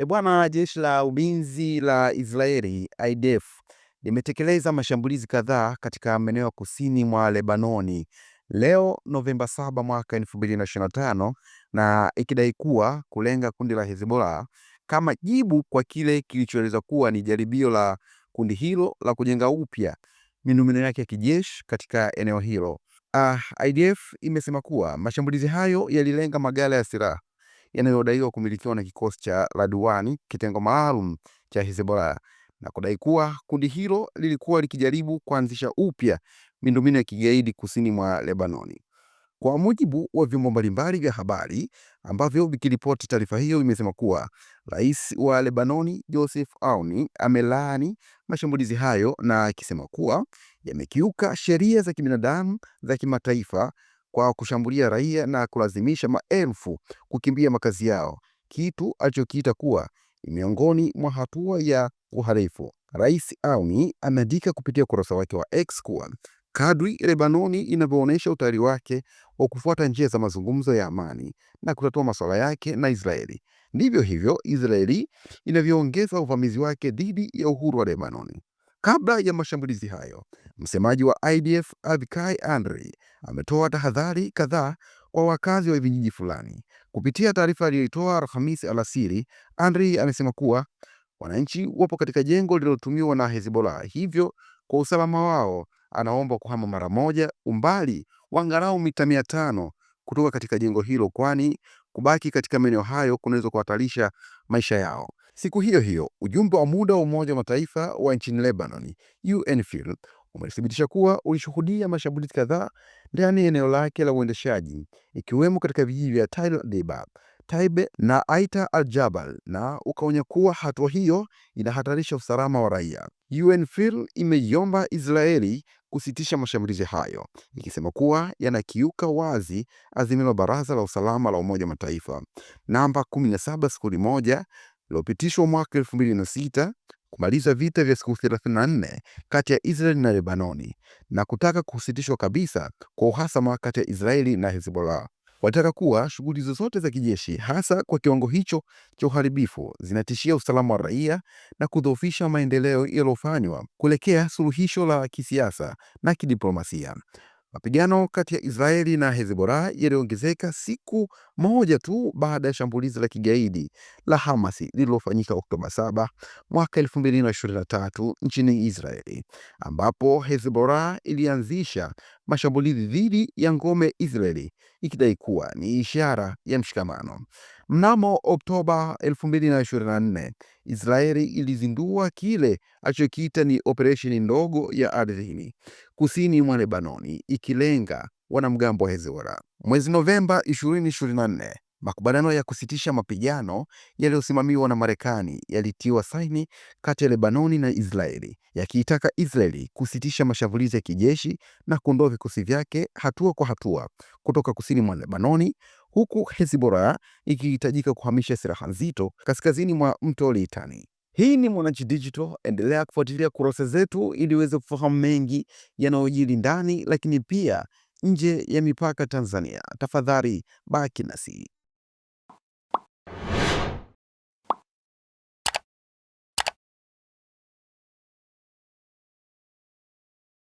E bwana, jeshi la ulinzi la Israeli IDF limetekeleza mashambulizi kadhaa katika maeneo ya kusini mwa Lebanoni leo Novemba 7 mwaka 2025 na ikidai kuwa kulenga kundi la Hezbollah kama jibu kwa kile kilichoelezwa kuwa ni jaribio la kundi hilo la kujenga upya miundombinu yake ya kijeshi katika eneo hilo. Uh, ah, IDF imesema kuwa mashambulizi hayo yalilenga magala ya silaha yanayodaiwa yaani kumilikiwa na kikosi cha Radwani, kitengo maalum cha Hezbollah, na kudai kuwa kundi hilo lilikuwa likijaribu kuanzisha upya miundombinu ya kigaidi kusini mwa Lebanoni. Kwa mujibu wa vyombo mbalimbali vya habari ambavyo vikiripoti taarifa hiyo, imesema kuwa rais wa Lebanoni Joseph Aoun amelaani mashambulizi hayo na akisema kuwa yamekiuka sheria za kibinadamu za kimataifa kwa kushambulia raia na kulazimisha maelfu kukimbia makazi yao, kitu alichokiita kuwa miongoni mwa hatua ya uhalifu. Rais auni ameandika kupitia ukurasa wake wa X kuwa kadri Lebanoni inavyoonyesha utayari wake wa kufuata njia za mazungumzo ya amani na kutatua masuala yake na Israeli, ndivyo hivyo Israeli inavyoongeza uvamizi wake dhidi ya uhuru wa Lebanoni. Kabla ya mashambulizi hayo, msemaji wa IDF Avikai Andrey ametoa tahadhari kadhaa kwa wakazi wa vijiji fulani. Kupitia taarifa aliyoitoa Alhamisi alasiri, Andrey amesema kuwa wananchi wapo katika jengo lililotumiwa na Hezbollah, hivyo kwa usalama wao anaomba kuhama mara moja umbali wa angalau mita mia tano kutoka katika jengo hilo, kwani kubaki katika maeneo hayo kunaweza kuhatarisha maisha yao. Siku hiyo hiyo, ujumbe wa muda wa Umoja wa Mataifa wa nchini Lebanon, UNIFIL, umethibitisha kuwa ulishuhudia mashambulizi kadhaa ndani ya eneo lake la uendeshaji, ikiwemo katika vijiji vya Tell Deba, Taibe na Aita al-Jabal na ukaonya kuwa hatua hiyo inahatarisha usalama wa raia. UNIFIL imeiomba Israeli kusitisha mashambulizi hayo, ikisema kuwa yanakiuka wazi azimio la Baraza la Usalama la Umoja wa Mataifa namba 1701 lililopitishwa mwaka elfu mbili na sita kumaliza vita vya siku 34 kati ya Israeli na Lebanoni na kutaka kusitishwa kabisa kwa uhasama kati ya Israeli na Hezbollah. Wanataka kuwa shughuli zozote za kijeshi, hasa kwa kiwango hicho cha uharibifu, zinatishia usalama wa raia na kudhoofisha maendeleo yaliyofanywa kuelekea suluhisho la kisiasa na kidiplomasia. Mapigano kati ya Israeli na Hezbollah yaliongezeka siku moja tu baada ya shambulizi la kigaidi la Hamas lililofanyika Oktoba 7 mwaka 2023 nchini Israeli, ambapo Hezbollah ilianzisha mashambulizi dhidi ya ngome Israeli ikidai kuwa ni ishara ya mshikamano. Mnamo Oktoba 2024, Israeli ilizindua kile alichokiita ni operesheni ndogo ya ardhini kusini mwa Lebanoni, ikilenga wanamgambo wa Hezbollah. Mwezi Novemba 2024, makubaliano ya kusitisha mapigano yaliyosimamiwa na Marekani yalitiwa saini kati ya Lebanoni na Israeli, yakiitaka Israeli kusitisha mashambulizi ya kijeshi na kuondoa vikosi vyake hatua kwa hatua kutoka kusini mwa Lebanoni huku Hezbollah ikihitajika kuhamisha silaha nzito kaskazini mwa mto Litani. Hii ni Mwananchi Digital, endelea kufuatilia kurasa zetu ili uweze kufahamu mengi yanayojiri ndani, lakini pia nje ya mipaka Tanzania. Tafadhali baki nasi.